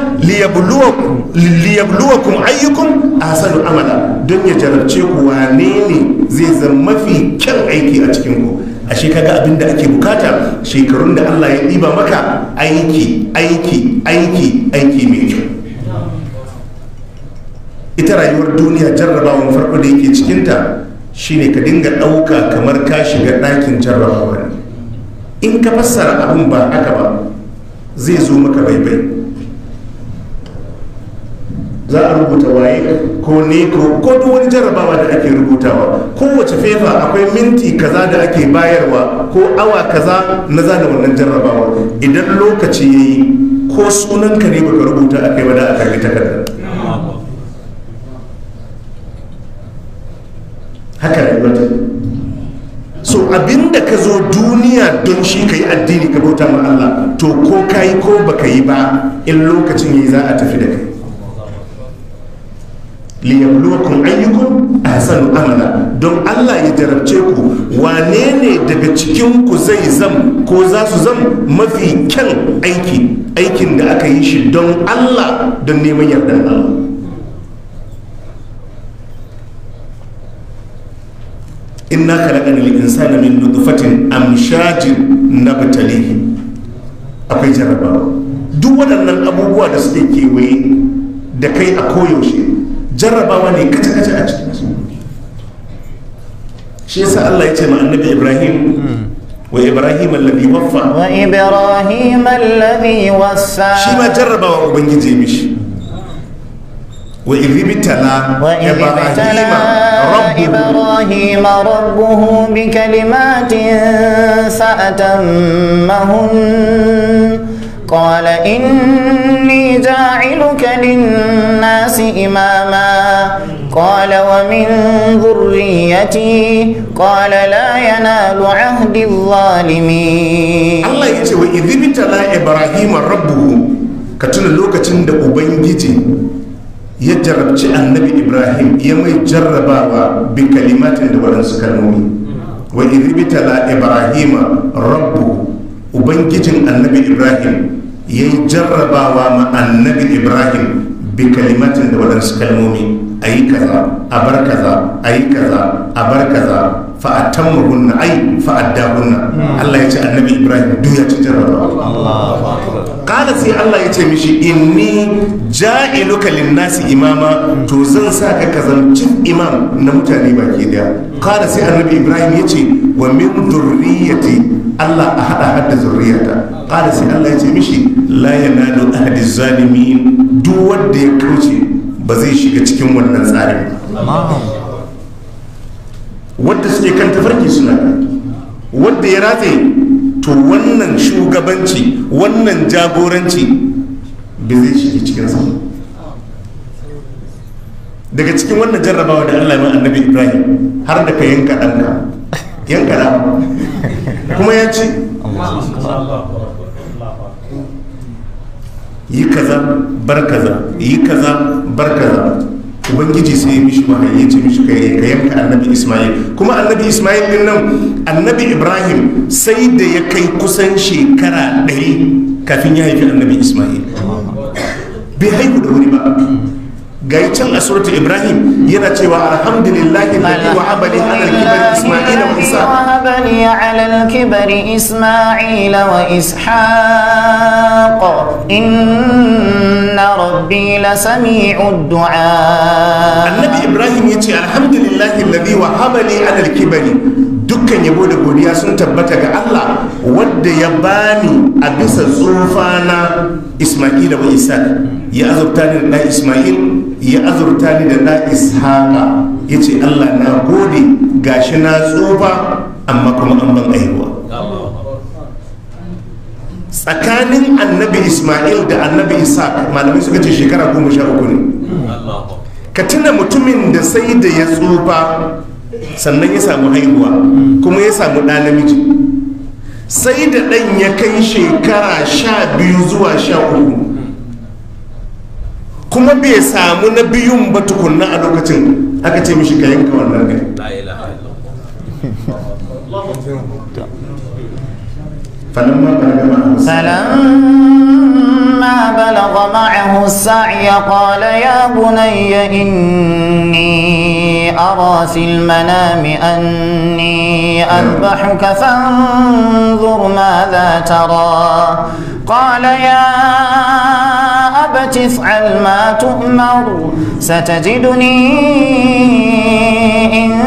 ayyukum ahsanu amala don ya jarabce ku wane ne zai zama mafi kyan aiki a cikin ku ashe kaga abin da ake bukata shekarun da Allah ya ɗiba maka aiki aiki aiki aiki mai kyau ita rayuwar duniya jarrabawan farko da yake cikinta shine ka dinga ɗauka kamar ka shiga ɗakin jarrabawa ne in ka fassara abin ba haka ba zai zo maka baibai za a rubuta waye ko ne ko duk wani jarrabawa da ake rubutawa kowace fefa akwai minti kaza da ake bayarwa ko awa kaza na zana wannan jarrabawa idan lokaci ya yi ko sunanka ne baka rubuta a kai ba da aka takardar haka rayuwa mutum so abinda ka zo duniya don shi ka yi addini ka bauta ma Allah to ko ka yi ko baka yi ba in lokacin yi za a tafi da kai yabluwakum ayyukum ahsanu amala don Allah ya jarabce ku wane ne daga cikin ku zai zam ko za su zam mafi kyan aiki aikin da aka yi shi don Allah don neman yardar Allah inna khalaqana al-insana min nutfatin amshajin nabtalihi akwai jarabawa duk waɗannan abubuwa da suke kewaye da kai a koyaushe jarabawa ne kace-kace a cikin su shi yasa Allah ya ce ma annabi Ibrahim wa Ibrahim alladhi waffa wa Ibrahim alladhi wassa shi ma jarabawa ubangiji mishi وإذ ابتلى إبراهيم ربه بكلمات فأتمهن قال إني جاعلك للناس إماما قال ومن ذريتي قال لا ينال عهد الظالمين الله يجي وإذ ابتلى إبراهيم ربه كتن لوكتن دا أبنجي ya jarabci annabi ibrahim ya mai jarrabawa bi kalimatin da waɗansu kalmomi wa iribitala ibrahima rabbu ubangijin annabi ibrahim ya yi jarrabawa ma annabi ibrahim bi kalimatin da waɗansu kalmomi a yi kaza a bar kaza a yi kaza a bar kaza Fa'atan atamma hunna ai fa addahunna Allah ya ce annabi Ibrahim duk ya ci jarrabawa kana sai Allah ya ce mishi inni ja'iluka linnasi imama to zan sa ka kazancin imam na mutane baki daya kana sai annabi Ibrahim ya ce wa min dhurriyyati Allah a hada hada zurriyata kada sai Allah ya ce mishi la yanalu ahadi zalimin duk wanda ya kauce ba zai shiga cikin wannan tsarin wadda suke kan tafarki suna wadda ya ratse to wannan shugabanci wannan jagoranci bai zai shige cikin sa daga cikin wannan jarrabawa da Allah ya annabi Ibrahim har da ka yanka ɗanka yanka da kuma ya ce yi kaza bar kaza yi kaza bar kaza ubangiji sai ya mishi wahayi ya ce mishi ka yanka annabi ismail kuma annabi ismail din nan annabi ibrahim sai da ya kai kusan shekara ɗari kafin ya haifi annabi ismail bai haihu da wuri ba gai can a suratul ibrahim yana cewa alhamdulillahi alladhi wahaba li ala al-kibari isma'ila wa isa wahaba li ala al-kibari isma'ila wa ishaq inna rabbi sami du'a annabi ibrahim yace alhamdulillahi alladhi wahaba li ala al-kibari dukkan yabo da godiya sun tabbata ga Allah wadda ya bani a bisa tsufana Isma'ila wa Isa ya azabta ni da Isma'il ya azurta ni da na ishaƙa ya ce allah na gode shi na tsufa amma kuma an ban aihuwa tsakanin annabi ismail da annabi isa malamai suka ce shekara goma sha uku ne ka tuna mutumin da sai da ya tsufa sannan ya samu haihuwa kuma ya samu ɗa namiji sai da ɗan ya kai shekara sha biyu zuwa sha uku kuma bai samu na biyun ba tukunna a lokacin aka ce mishi ka yanka wannan gari فلما بلغ معه السعي قال يا بني إني أرى في المنام أني أذبحك فانظر ماذا ترى قال يا أبت افعل ما تؤمر ستجدني إن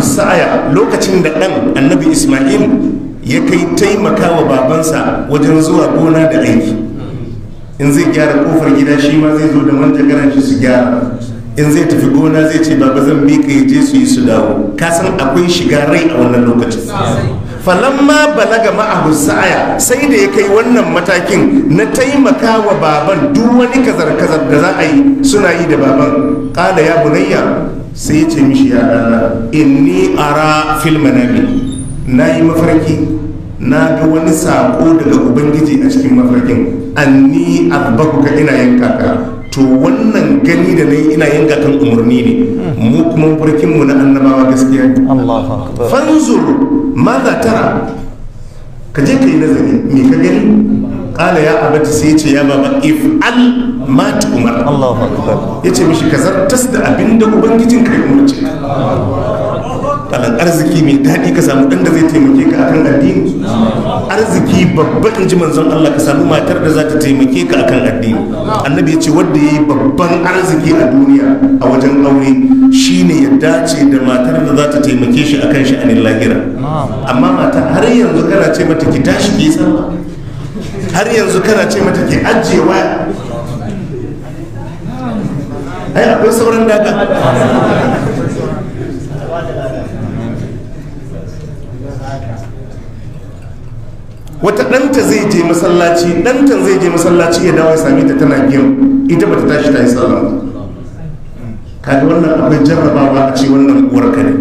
husaya. Lokacin da ɗan Annabi Isma'il ya kai لوكتين دقن النبي إسماعيل يكي تيمكا وبابنسا وجنزوا بونا in zai gyara kofar gida shi ma zai zo da manjagaran shi su gyara in zai tafi gona zai ce baba zan mika ya je su yi su dawo kasan akwai shiga rai a wannan lokacin falamma balaga ma'ahu sa'aya sai da ya kai wannan matakin na taimaka wa baban duk wani kazar-kazar da za a yi suna yi da baban kala ya bunayya sai ya ce mishi ya dana inni ara fil manami na yi mafarki na ga wani saƙo daga ubangiji a cikin mafarkin anni abbaku ka ina yin kaka to wannan gani da nayi ina yin kan umarni ne mu kuma mafarkin mu na annabawa gaskiya ne fanzur ta tara ka je ka yi nazari me ka gani kala ya abata sai ce ya baba if al ma umar ya ce mishi ka zartas da abin da ubangijin ka yi umarci malam arziki mai daɗi ka samu ɗan da zai taimake ka akan addini arziki babban in manzon Allah ka samu matar da za ta taimake ka akan addini annabi ya ce wanda ya yi babban arziki a duniya a wajen aure shine ya dace da matar da za ta taimake shi akan shi sha'anin lahira amma mata har yanzu kana ce mata ki tashi ki sallah har yanzu kana ce mata ki ajiye waya ai akwai sauran daga wata ɗanta zai je masallaci ɗanta zai je masallaci ya dawo ya sami ta tana biyan ita bata tashi ta yi sallah ba kaga wannan jarraba jarrabawa a ce wannan uwar ka ne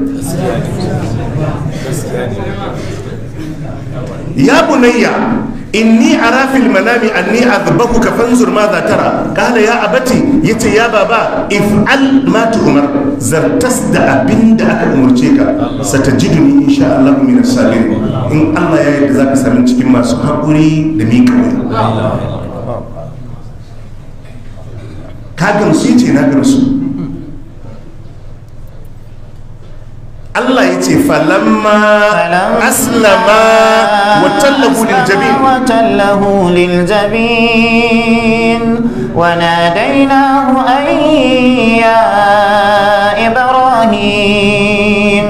ya bunayya inni ara fil manami anni azbahuka fanzur ma za tara kala ya abati yace ya baba if'al ma tuhmar zartas da abin da aka umarce ka satajiduni insha Allah min salim in Allah ya yarda zaka sami cikin masu hakuri da mika ka gamsu ce na gamsu الله يجي فلما أسلم وتله للجبين وتله للجبين وناديناه أن يا إبراهيم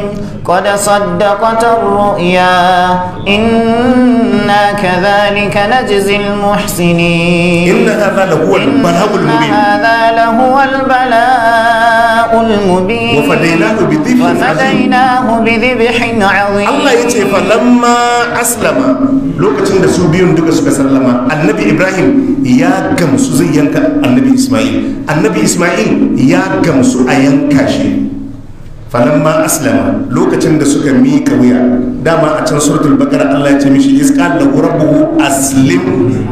قد صدقت الرؤيا إنا كذلك نجزي المحسنين إن هذا لهو البلاء المبين هذا لهو البلاء المبين وفديناه بذبح وفديناه بذبح عظيم الله يتي فلما أسلم لو da su biyun duka suka sallama annabi ibrahim ya gamsu zai yanka النبي إسماعيل annabi ismail ya gamsu a yanka ma aslama lokacin da suka mika wuya dama a can suratul bakara Allah ya ce mishi isqal lahu rabbuhu aslim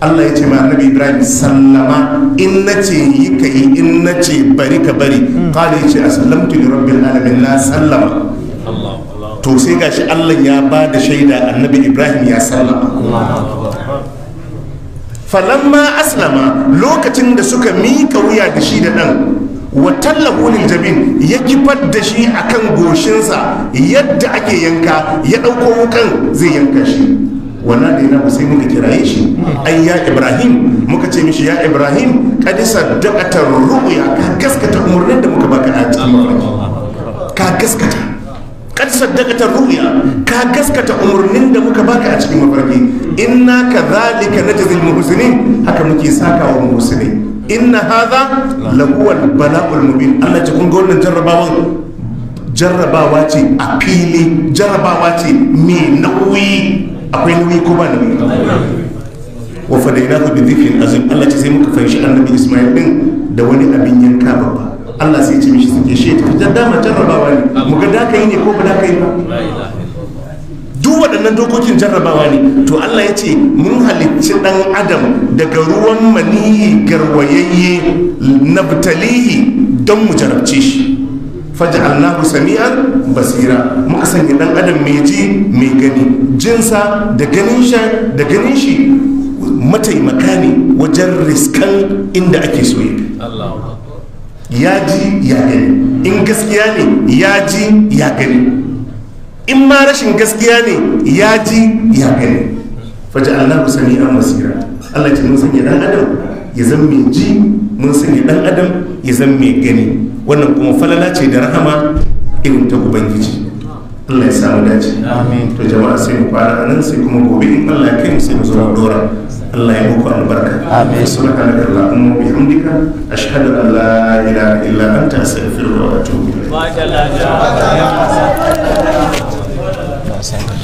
Allah ya ce ma annabi Ibrahim sallama in nace yi yi in nace bari ka bari qala ya ce aslamtu li rabbil alamin na sallama to sai gashi Allah ya ba da shaida annabi Ibrahim ya sallama falamma aslama lokacin da suka mika wuya da shi da dan wa tallahu lil jabin ya kifar da shi a kan goshinsa yadda ake yanka ya ɗauko wukan zai yanka shi wannan da yana sai muka kiraye shi ai ya ibrahim muka ce mishi ya ibrahim kadisa dakatar ru'ya ka gaskata umarnin da muka baka a cikin mafarki ka gaskata kadisa dakatar ru'ya ka gaskata umarnin da muka baka a cikin mafarki inna na jazil muhsinin haka muke sakawa muhsinin inna hadha lahuwal bala'ul mubin Allah ce kun ga wannan jarrabawan jarrabawa ce a fili jarrabawa ce mai nauyi akwai nauyi ko ba nauyi wa ku bi dhikrin azim Allah ce sai muka fanshi annabi Ismail din da wani abin yanka babba Allah sai ya ce mishi suke shi ta dama jarrabawa ne mu ga da kai ne ko ba da kai ba duk waɗannan dokokin jarrabawa ne to allah ya ce mun halicci ɗan adam daga ruwan maniyi garwayayye na butalihi don mu jarabce shi faj'alnahu sami'an basira muka sanya ɗan adam mai ji mai gani jinsa da ganin shi da ganin shi mataimaka ne wajen riskan inda ake so ya ji ya gani in gaskiya ne ya ji ya gani in ma rashin gaskiya ne ya ji ya gani faji Allah sani an basira Allah ce mun sanya dan adam ya zan mai ji mun sanya dan adam ya zan mai gani wannan kuma falala ce da rahama irin ta ubangiji Allah ya samu dace amin to jama'a sai mu fara nan sai kuma gobe in Allah ya kai mu sai mu zo dora Allah ya muku albarka amin subhanaka allahumma wa bihamdika ashhadu an la ilaha illa anta astaghfiruka wa atubu ilayk Center.